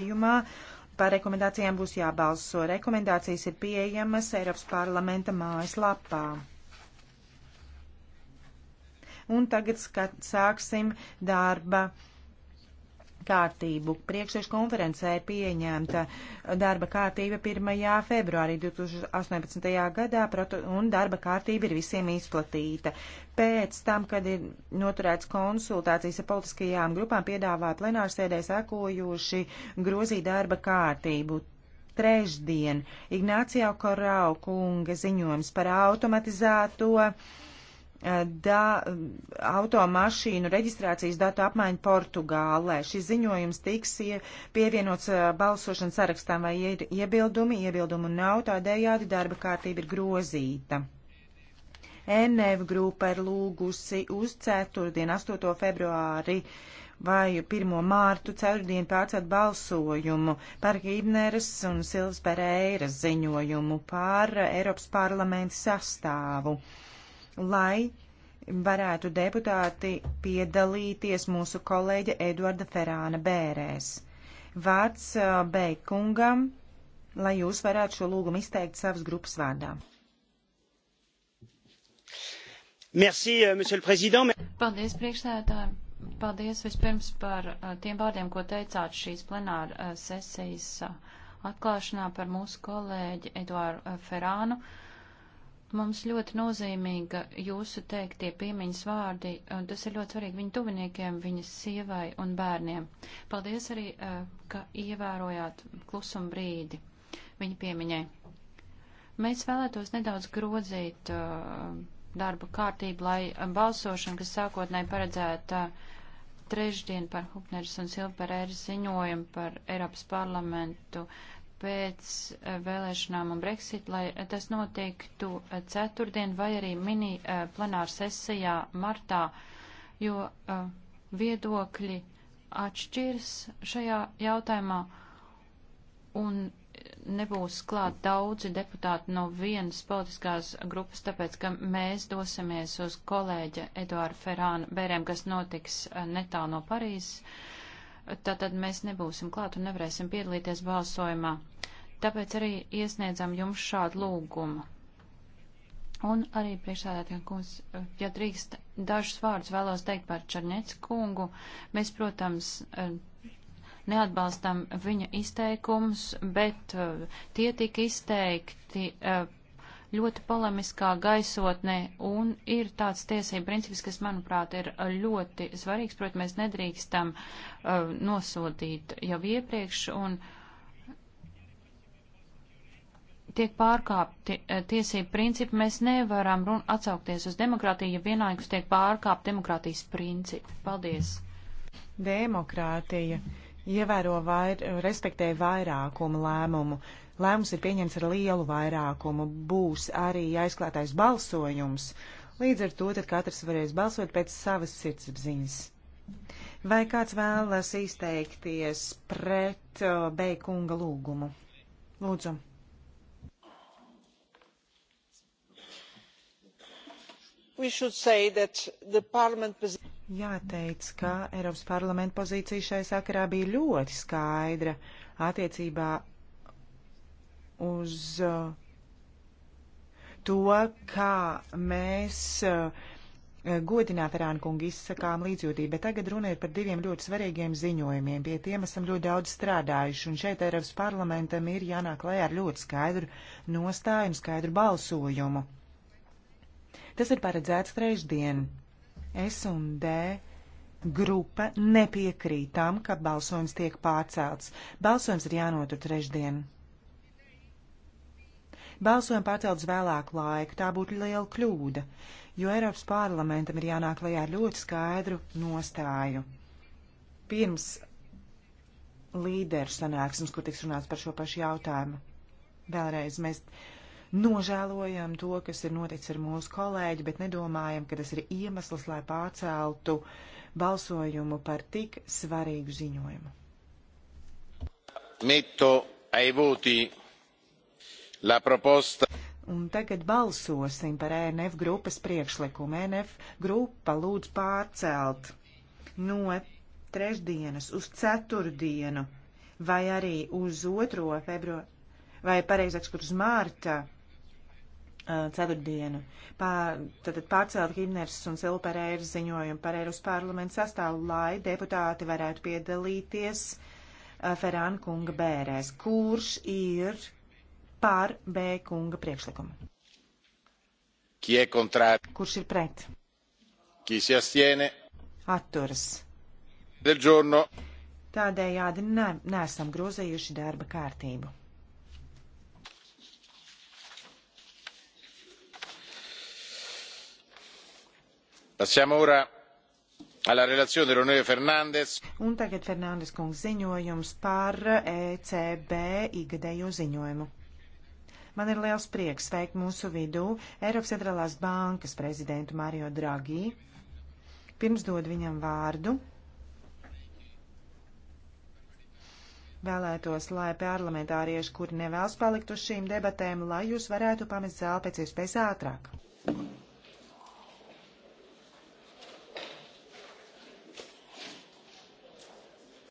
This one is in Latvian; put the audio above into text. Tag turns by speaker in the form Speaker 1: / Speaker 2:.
Speaker 1: gadījumā par rekomendācijām būs jābalso. Rekomendācijas ir pieejamas Eiropas parlamenta mājaslapā. Un tagad skat, sāksim darba kārtību. Priekšēšu konferencē pieņemta darba kārtība 1. februārī 2018. gadā un darba kārtība ir visiem izplatīta. Pēc tam, kad ir noturēts konsultācijas ar politiskajām grupām, piedāvāja plenārsēdē sekojuši grozīt darba kārtību. Trešdien Ignācijā Korau kunga ziņojums par automatizēto uh, da, automašīnu reģistrācijas datu apmaiņu Portugālē. Šis ziņojums tiks pievienots uh, balsošanas sarakstām vai ir iebildumi. Iebildumu nav, tādējādi darba kārtība ir grozīta. NF grupa ir lūgusi uz 4. 8. februāri vai 1. mārtu ceturtdienu pārcelt balsojumu par Hībneres un Silvas Pereiras ziņojumu par Eiropas parlamentu sastāvu. Uh, lai varētu deputāti piedalīties mūsu kolēģa Eduarda Ferāna bērēs. Vārds uh, Beikungam, lai jūs varētu šo lūgumu izteikt savas grupas vārdā.
Speaker 2: Merci, euh, monsieur le président. Paldies, priekšsēdētāji. Paldies vispirms par uh, tiem vārdiem, ko teicāt šīs plenāra uh, sesijas atklāšanā par mūsu kolēģi Eduāru Ferānu. Uh, Mums ļoti nozīmīga jūsu teiktie piemiņas vārdi, un tas ir ļoti svarīgi viņu tuviniekiem, viņas sievai un bērniem. Paldies arī, eh, ka ievērojāt klusumu brīdi viņa piemiņai. Mēs vēlētos nedaudz grozīt eh, darba kārtību, lai balsošana, kas sākotnēji paredzēta trešdien par Hupneris un Silpereres ziņojumu par Eiropas parlamentu pēc eh, vēlēšanām un Brexit, lai eh, tas notiktu eh, ceturtdien vai arī mini plenāra sesijā martā, jo viedokļi atšķirs šajā jautājumā un nebūs klāt daudzi deputāti no vienas politiskās grupas, tāpēc, ka mēs dosimies uz kolēģa Eduāra Ferāna bērēm, kas notiks netālu no Parīzes tātad mēs nebūsim klāt un nevarēsim piedalīties balsojumā. Tāpēc arī iesniedzam jums šādu lūgumu. Un arī priekšsādātājiem kungs, ja drīkst, dažus vārdus vēlos teikt par Čarņets kungu. Mēs, protams, eh, neatbalstam viņa izteikums, bet eh, tie tika izteikti eh, ļoti polemiskā gaisotnē un ir tāds tiesība princips, kas, manuprāt, ir uh, ļoti svarīgs. Protams, mēs nedrīkstam uh, nosodīt jau iepriekš un tiek pārkāpti uh, tiesība principi. Mēs nevaram run, atsaukties uz demokrātiju, ja vienlaikus tiek pārkāpti demokrātijas principi. Paldies! Demokrātija ievēro vair,
Speaker 1: respektē vairākumu lēmumu. Uh, Lēmums ir pieņemts ar lielu vairākumu, būs arī aizklātais balsojums. Līdz ar to tad katrs varēs balsot pēc savas sirdsapziņas. Vai kāds vēlas izteikties pret uh, Beikunga lūgumu? Lūdzu. Parliament... Jāteic, ka Eiropas parlamenta pozīcija šai sakarā bija ļoti skaidra attiecībā uz uh, to, kā mēs uh, godināt Rāna kungu izsakām līdzjūtību, bet tagad runa ir par diviem ļoti svarīgiem ziņojumiem. Pie tiem esam ļoti daudz strādājuši, un šeit Eiropas parlamentam ir jānāk lejā ar ļoti skaidru nostāju un skaidru balsojumu. Tas ir paredzēts trešdien. S un D grupa nepiekrīt tam, ka balsojums tiek pārcelts. Balsojums ir jānotur trešdien balsojumu pārcelt uz vēlāku laiku. Tā būtu liela kļūda, jo Eiropas parlamentam ir jānāk lajā ar ļoti skaidru nostāju. Pirms līderu sanāksmes, kur tiks runāts par šo pašu jautājumu. Vēlreiz mēs nožēlojam to, kas ir noticis ar mūsu kolēģi, bet nedomājam, ka tas ir iemesls, lai pārceltu balsojumu par tik svarīgu ziņojumu.
Speaker 2: Metto ai voti la proposta.
Speaker 1: Un tagad balsosim par ENF grupas priekšlikumu. ENF grupa lūdz pārcelt no trešdienas uz ceturtdienu vai arī uz otro februāru, vai pareizāk, kur uz mārta ceturtdienu. Pār, tad pārcelt Himners un Silperēra ziņojumu par Eiropas parlamentu sastāvu, lai deputāti varētu piedalīties Ferāna kunga bērēs, kurš ir pār B kunga priekšlikumu.
Speaker 2: Kurš ir pret?
Speaker 1: Atturas. Tādējādi ne, neesam grozējuši darba kārtību.
Speaker 2: Passiamo ora alla relazione dell'onorevole Fernandez.
Speaker 1: Un tagad Fernandes kungs ziņojums par ECB ikgadējo ziņojumu. Man ir liels prieks sveikt mūsu vidū Eiropas centrālās bankas prezidentu Mario Draghi. Pirms dod viņam vārdu, Vēlētos, lai parlamentārieši, kuri nevēlas palikt uz šīm debatēm, lai jūs varētu pamest zāli pēc iespējas ātrāk.